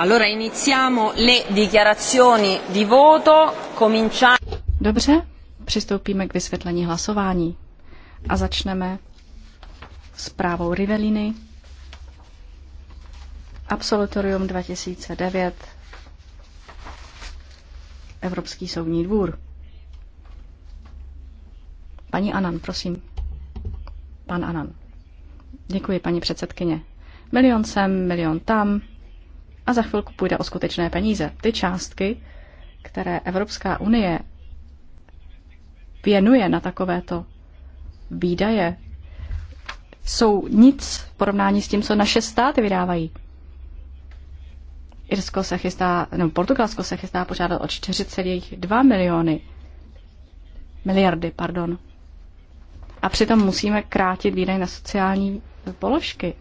Allora iniziamo le dichiarazioni di voto. Cominciamo. Dobře, přistoupíme k vysvětlení hlasování a začneme zprávou Riveliny. Absolutorium 2009 Evropský soudní dvůr. Paní Anan, prosím. Pan Anan. Děkuji, paní předsedkyně. Milion sem, milion tam, a za chvilku půjde o skutečné peníze. Ty částky, které Evropská unie věnuje na takovéto výdaje, jsou nic v porovnání s tím, co naše státy vydávají. Irsko se chystá, nebo Portugalsko se chystá požádat o 4,2 miliony miliardy, pardon. A přitom musíme krátit výdaje na sociální položky.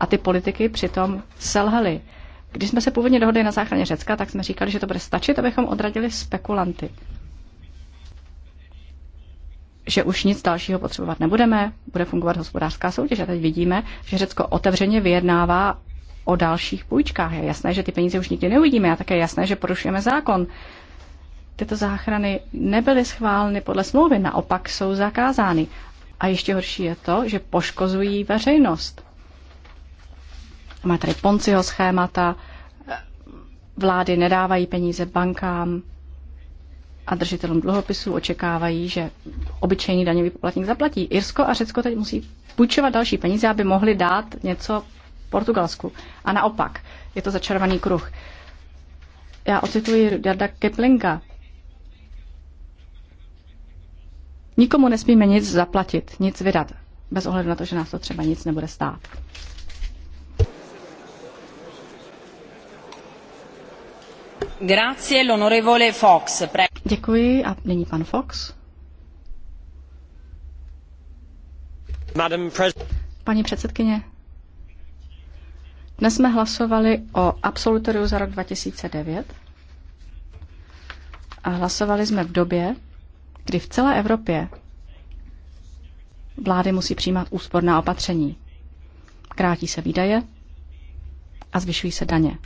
A ty politiky přitom selhaly. Když jsme se původně dohodli na záchraně Řecka, tak jsme říkali, že to bude stačit, abychom odradili spekulanty. Že už nic dalšího potřebovat nebudeme, bude fungovat hospodářská soutěž. A teď vidíme, že Řecko otevřeně vyjednává o dalších půjčkách. Je jasné, že ty peníze už nikdy neuvidíme a také je jasné, že porušujeme zákon. Tyto záchrany nebyly schváleny podle smlouvy, naopak jsou zakázány. A ještě horší je to, že poškozují veřejnost. Má tady Ponciho schémata, vlády nedávají peníze bankám a držitelům dluhopisů očekávají, že obyčejný daňový poplatník zaplatí. Irsko a Řecko teď musí půjčovat další peníze, aby mohli dát něco Portugalsku. A naopak, je to začarovaný kruh. Já ocituji Jarda Keplinga. Nikomu nesmíme nic zaplatit, nic vydat, bez ohledu na to, že nás to třeba nic nebude stát. Grazie, l'onorevole Fox. Pre... Děkuji a nyní pan Fox. Paní předsedkyně, dnes jsme hlasovali o absolutoriu za rok 2009 a hlasovali jsme v době, kdy v celé Evropě vlády musí přijímat úsporná opatření. Krátí se výdaje a zvyšují se daně.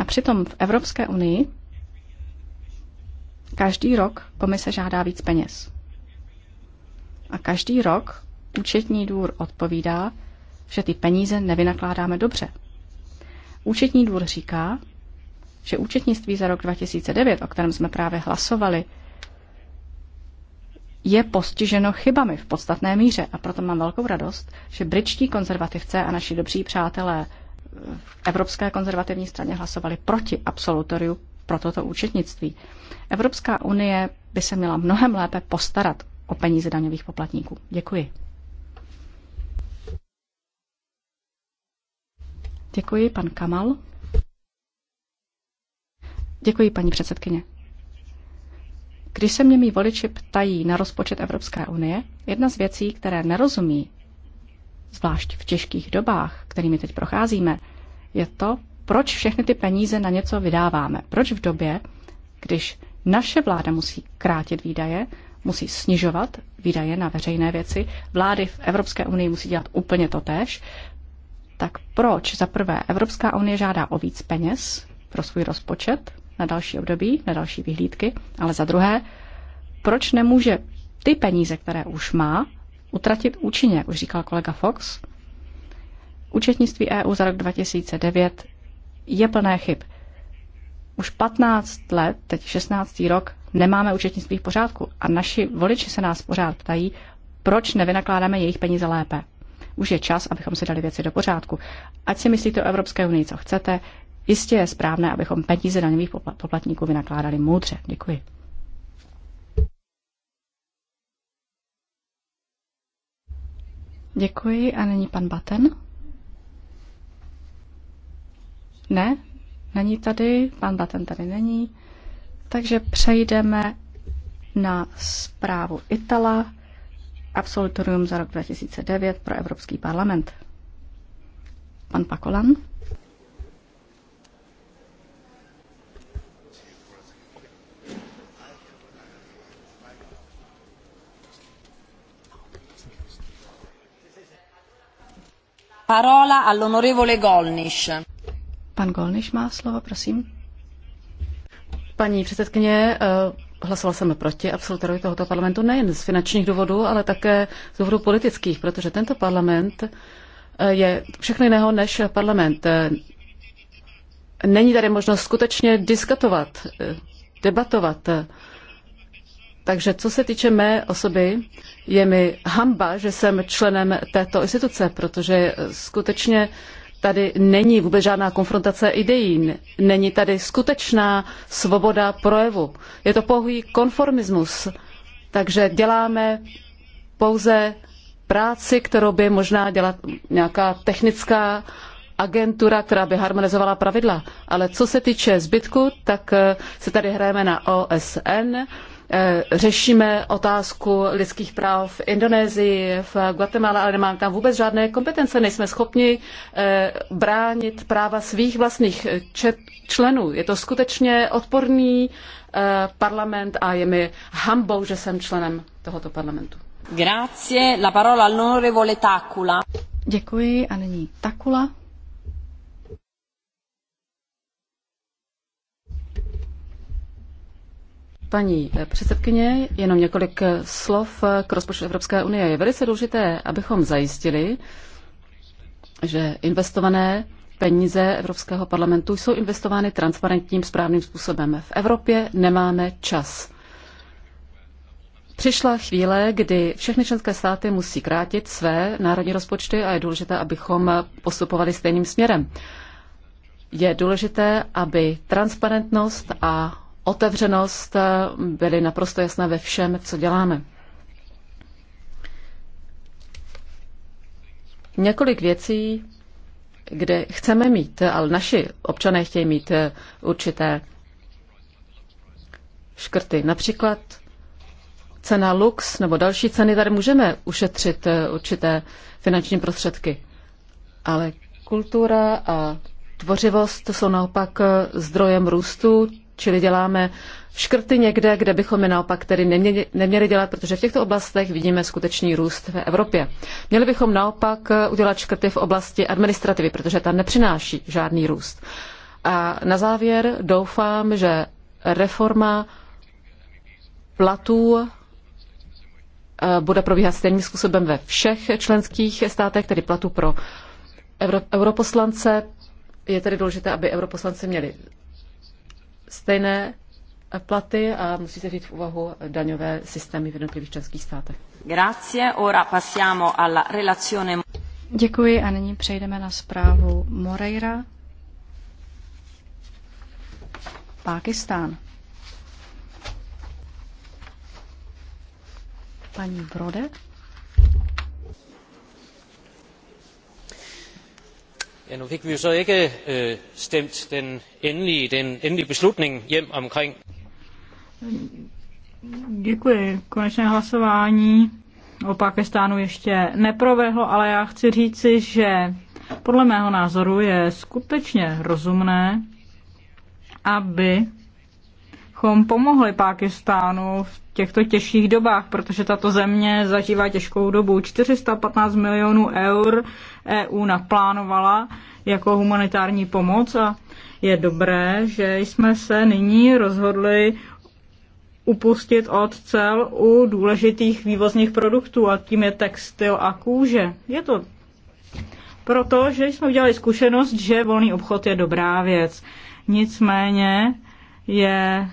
A přitom v Evropské unii každý rok komise žádá víc peněz. A každý rok účetní dvůr odpovídá, že ty peníze nevynakládáme dobře. Účetní dvůr říká, že účetnictví za rok 2009, o kterém jsme právě hlasovali, je postiženo chybami v podstatné míře a proto mám velkou radost, že britští konzervativce a naši dobří přátelé v Evropské konzervativní straně hlasovali proti absolutoriu pro toto účetnictví. Evropská unie by se měla mnohem lépe postarat o peníze daňových poplatníků. Děkuji. Děkuji, pan Kamal. Děkuji, paní předsedkyně. Když se mě mý voliči ptají na rozpočet Evropské unie, jedna z věcí, které nerozumí, zvlášť v těžkých dobách, kterými teď procházíme, je to, proč všechny ty peníze na něco vydáváme. Proč v době, když naše vláda musí krátit výdaje, musí snižovat výdaje na veřejné věci, vlády v Evropské unii musí dělat úplně to tež, tak proč za prvé Evropská unie žádá o víc peněz pro svůj rozpočet na další období, na další vyhlídky, ale za druhé, proč nemůže ty peníze, které už má, utratit účinně, jak už říkal kolega Fox. Účetnictví EU za rok 2009 je plné chyb. Už 15 let, teď 16. rok, nemáme účetnictví v pořádku a naši voliči se nás pořád ptají, proč nevynakládáme jejich peníze lépe. Už je čas, abychom si dali věci do pořádku. Ať si myslíte o Evropské unii, co chcete, jistě je správné, abychom peníze daňových poplatníků vynakládali moudře. Děkuji. Děkuji a není pan Baten? Ne, není tady, pan Baten tady není. Takže přejdeme na zprávu Itala, absolutorium za rok 2009 pro Evropský parlament. Pan Pakolan. parola all'onorevole Pan Golniš má slovo, prosím. Paní předsedkyně, eh, hlasoval jsem proti absolutoru tohoto parlamentu nejen z finančních důvodů, ale také z důvodů politických, protože tento parlament eh, je všechno jiného než parlament. Eh, není tady možnost skutečně diskutovat, debatovat. Takže co se týče mé osoby, je mi hamba, že jsem členem této instituce, protože skutečně tady není vůbec žádná konfrontace ideí, není tady skutečná svoboda projevu. Je to pouhý konformismus, takže děláme pouze práci, kterou by možná dělat nějaká technická agentura, která by harmonizovala pravidla. Ale co se týče zbytku, tak se tady hrajeme na OSN, Eh, řešíme otázku lidských práv v Indonésii, v Guatemala, ale nemáme tam vůbec žádné kompetence. Nejsme schopni eh, bránit práva svých vlastních eh, členů. Je to skutečně odporný parlament a je mi hambou, že jsem členem tohoto parlamentu. Grazie. La parola all'onorevole Takula. Děkuji a nyní Takula. Paní předsedkyně, jenom několik slov k rozpočtu Evropské unie. Je velice důležité, abychom zajistili, že investované peníze Evropského parlamentu jsou investovány transparentním správným způsobem. V Evropě nemáme čas. Přišla chvíle, kdy všechny členské státy musí krátit své národní rozpočty a je důležité, abychom postupovali stejným směrem. Je důležité, aby transparentnost a otevřenost byly naprosto jasné ve všem, co děláme. Několik věcí, kde chceme mít, ale naši občané chtějí mít určité škrty. Například cena Lux nebo další ceny, tady můžeme ušetřit určité finanční prostředky. Ale kultura a tvořivost jsou naopak zdrojem růstu, čili děláme škrty někde, kde bychom je naopak tedy neměli, neměli dělat, protože v těchto oblastech vidíme skutečný růst v Evropě. Měli bychom naopak eh, udělat škrty v oblasti administrativy, protože ta nepřináší žádný růst. A na závěr doufám, že reforma platů eh, bude probíhat stejným způsobem ve všech členských státech, tedy platů pro europoslance. Je tedy důležité, aby europoslanci měli stejné platy a musí se vzít v úvahu daňové systémy v jednotlivých členských státech. Grazie, ora passiamo alla relazione... Děkuji a nyní přejdeme na zprávu Moreira. Pákistán. Paní Brode. nu fik vi jo så ikke øh, stemt den endelige, den endelige beslutning hjem omkring. Děkuji. Konečné hlasování o Pakistánu ještě neprovehlo, ale já chci říci, že podle mého názoru je skutečně rozumné, aby abychom pomohli Pákistánu v těchto těžkých dobách, protože tato země zažívá těžkou dobu. 415 milionů eur EU naplánovala jako humanitární pomoc a je dobré, že jsme se nyní rozhodli upustit od cel u důležitých vývozních produktů a tím je textil a kůže. Je to proto, že jsme udělali zkušenost, že volný obchod je dobrá věc. Nicméně je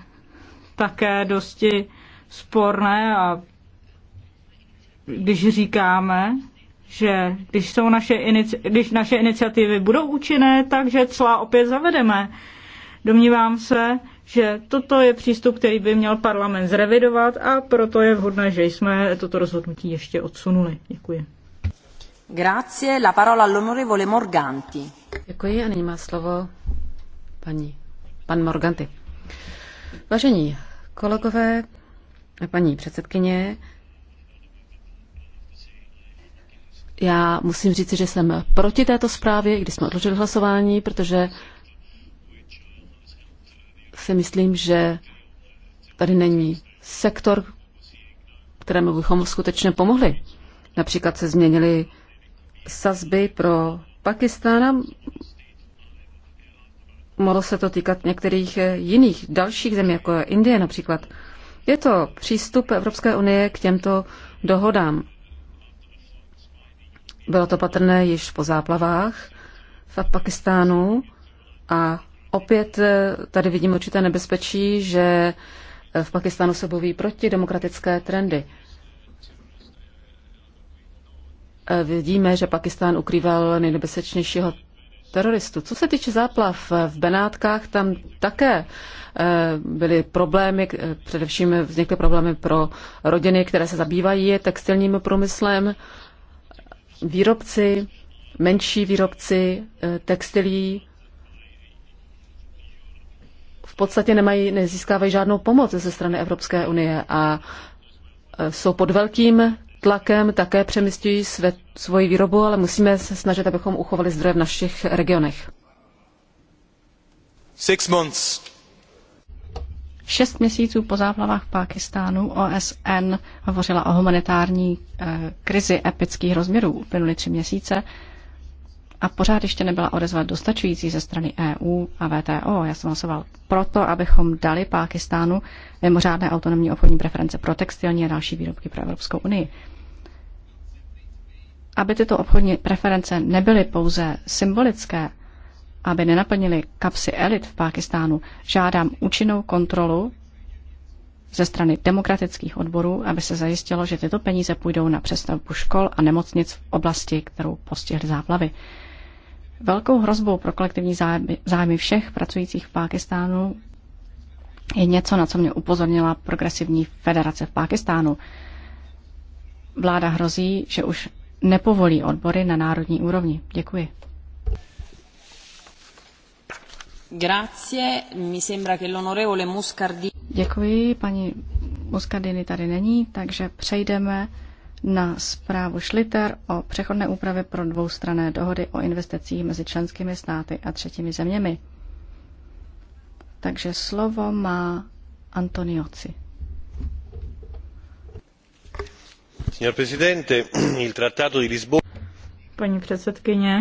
také dosti sporné a když říkáme, že když, jsou naše, když naše iniciativy budou účinné, takže cla opět zavedeme. Domnívám se, že toto je přístup, který by měl parlament zrevidovat a proto je vhodné, že jsme toto rozhodnutí ještě odsunuli. Děkuji. Grazie, la parola all'onorevole Morganti. Děkuji a nyní má slovo paní, pan Morganti. Vážení Kolegové, paní předsedkyně, já musím říct, že jsem proti této zprávě, když jsme odložili hlasování, protože si myslím, že tady není sektor, kterému bychom skutečně pomohli. Například se změnily sazby pro Pakistán mohlo se to týkat některých eh, jiných dalších zemí, jako je Indie například. Je to přístup Evropské unie k těmto dohodám. Bylo to patrné již po záplavách v Pakistánu a opět eh, tady vidím určité nebezpečí, že eh, v Pakistánu se boví proti demokratické trendy. Vidíme, že Pakistán ukrýval nejnebezpečnějšího teroristů. Co se týče záplav v Benátkách, tam také eh, byly problémy, eh, především vznikly problémy pro rodiny, které se zabývají textilním průmyslem, výrobci, menší výrobci eh, textilí v podstatě nemají, nezískávají žádnou pomoc ze strany Evropské unie a jsou pod velkým tlakem také přemysťují své, svoji výrobu, ale musíme se snažit, abychom uchovali zdroje v našich regionech. Six months. Šest měsíců po záplavách v Pákistánu OSN hovořila o humanitární eh, krizi epických rozměrů. Uplynuly tři měsíce a pořád ještě nebyla odezva dostačující ze strany EU a VTO. Já jsem hlasoval proto, abychom dali Pákistánu mimořádné autonomní obchodní preference pro textilní a další výrobky pro Evropskou unii. Aby tyto obchodní preference nebyly pouze symbolické, aby nenaplnili kapsy elit v Pákistánu, žádám účinnou kontrolu ze strany demokratických odborů, aby se zajistilo, že tyto peníze půjdou na přestavbu škol a nemocnic v oblasti, kterou postihly záplavy. Velkou hrozbou pro kolektivní zájmy, zájmy všech pracujících v Pákistánu je něco, na co mě upozornila Progresivní federace v Pákistánu. Vláda hrozí, že už nepovolí odbory na národní úrovni. Děkuji. Grazie. Mi che l'onorevole Děkuji, paní Muscardini tady není, takže přejdeme na zprávu Schlitter o přechodné úpravě pro dvoustrané dohody o investicích mezi členskými státy a třetími zeměmi. Takže slovo má Antonioci. il Trattato di Lisbona... Paní předsedkyně,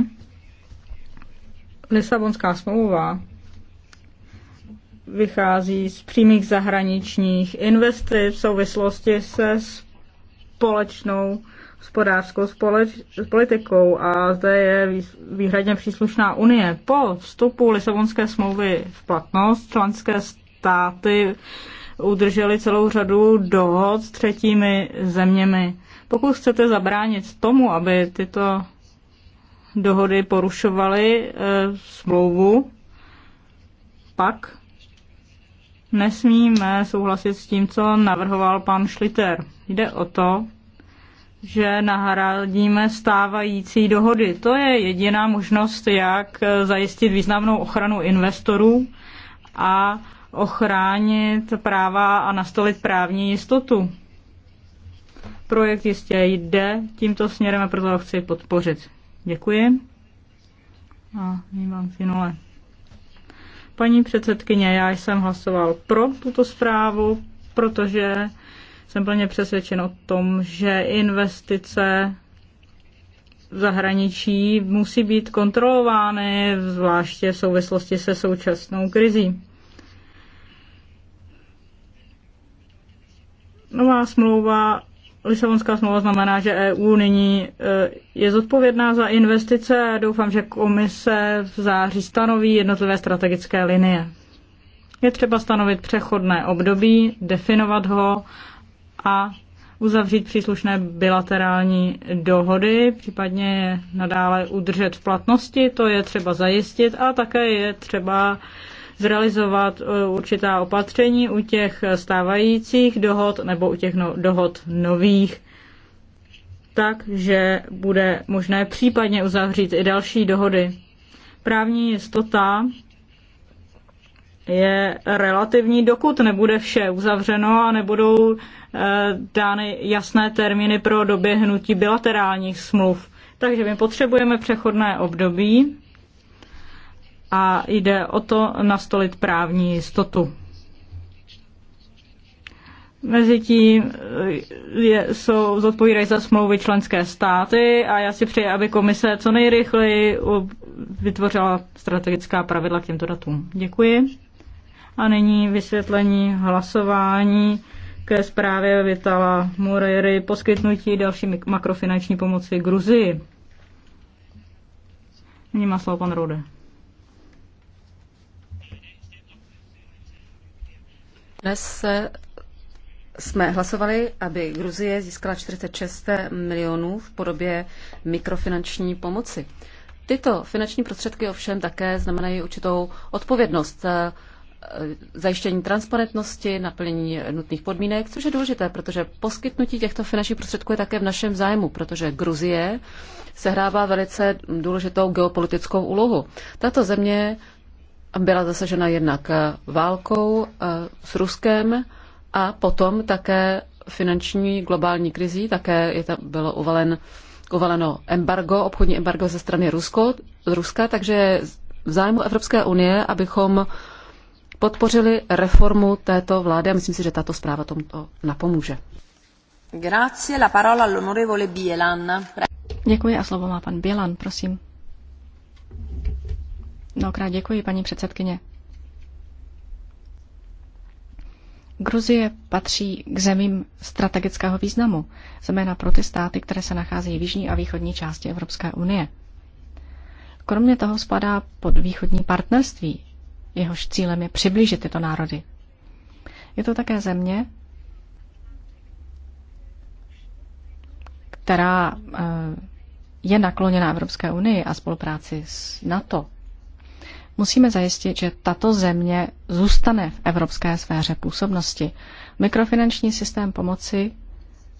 Lisabonská smlouva vychází z přímých zahraničních investic v souvislosti se s společnou hospodářskou společ, politikou a zde je výhradně příslušná unie. Po vstupu Lisabonské smlouvy v platnost členské státy udrželi celou řadu dohod s třetími zeměmi. Pokud chcete zabránit tomu, aby tyto dohody porušovaly e, smlouvu, pak nesmíme souhlasit s tím, co navrhoval pan Schlitter. Jde o to, že nahradíme stávající dohody. To je jediná možnost, jak zajistit významnou ochranu investorů a ochránit práva a nastolit právní jistotu. Projekt jistě jde tímto směrem a proto ho chci podpořit. Děkuji. A vnímám finule. Paní předsedkyně, já jsem hlasoval pro tuto zprávu, protože jsem plně přesvědčen o tom, že investice v zahraničí musí být kontrolovány, zvláště v souvislosti se současnou krizí. Nová smlouva, Lisabonská smlouva znamená, že EU nyní eh, je zodpovědná za investice a doufám, že komise v září stanoví jednotlivé strategické linie. Je třeba stanovit přechodné období, definovat ho a uzavřít příslušné bilaterální dohody, případně nadále udržet v platnosti, to je třeba zajistit a také je třeba zrealizovat e, určitá opatření u těch stávajících dohod nebo u těch no, dohod nových, tak, že bude možné případně uzavřít i další dohody. Právní jistota je relativní, dokud nebude vše uzavřeno a nebudou eh, dány jasné termíny pro doběhnutí bilaterálních smluv. Takže my potřebujeme přechodné období a jde o to nastolit právní jistotu. Mezitím eh, je, jsou, zodpovídají za smlouvy členské státy a já si přeji, aby komise co nejrychleji vytvořila strategická pravidla k těmto datům. Děkuji. A nyní vysvětlení hlasování ke zprávě Vitala Murery poskytnutí další makrofinanční pomoci Gruzii. Nyní má slovo pan Rode. Dnes jsme hlasovali, aby Gruzie získala 46 milionů v podobě mikrofinanční pomoci. Tyto finanční prostředky ovšem také znamenají určitou odpovědnost. E, zajištění transparentnosti, naplnění nutných podmínek, což je důležité, protože poskytnutí těchto finančních prostředků je také v našem zájmu, protože Gruzie sehrává velice důležitou geopolitickou úlohu. Tato země byla zasažena jednak válkou e, s Ruskem a potom také finanční globální krizí, také je tam bylo uvalen, uvaleno embargo, obchodní embargo ze strany Rusko, Ruska, takže v zájmu Evropské unie, abychom podpořili reformu této vlády a myslím si, že tato zpráva tomto napomůže. Grazie, la parola all'onorevole Bielan. Děkuji a slovo má pan Bělan, prosím. Mnohokrát děkuji, paní předsedkyně. Gruzie patří k zemím strategického významu, zejména pro ty státy, které se nacházejí v jižní a východní části Evropské unie. Kromě toho spadá pod východní partnerství, jehož cílem je přiblížit tyto národy. Je to také země, která eh, je nakloněna Evropské unii a spolupráci s NATO. Musíme zajistit, že tato země zůstane v evropské sféře působnosti. Mikrofinanční systém pomoci,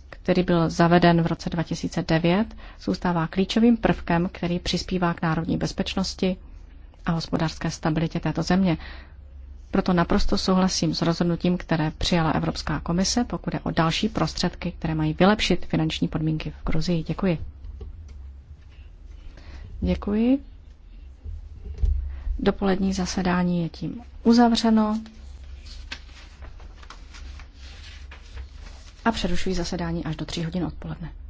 který byl zaveden v roce 2009, zůstává klíčovým prvkem, který přispívá k národní bezpečnosti a hospodářské stabilitě této země. Proto naprosto souhlasím s rozhodnutím, které přijala Evropská komise, pokud je o další prostředky, které mají vylepšit finanční podmínky v Gruzii. Děkuji. Děkuji. Dopolední zasedání je tím uzavřeno. A přerušuji zasedání až do 3 hodin odpoledne.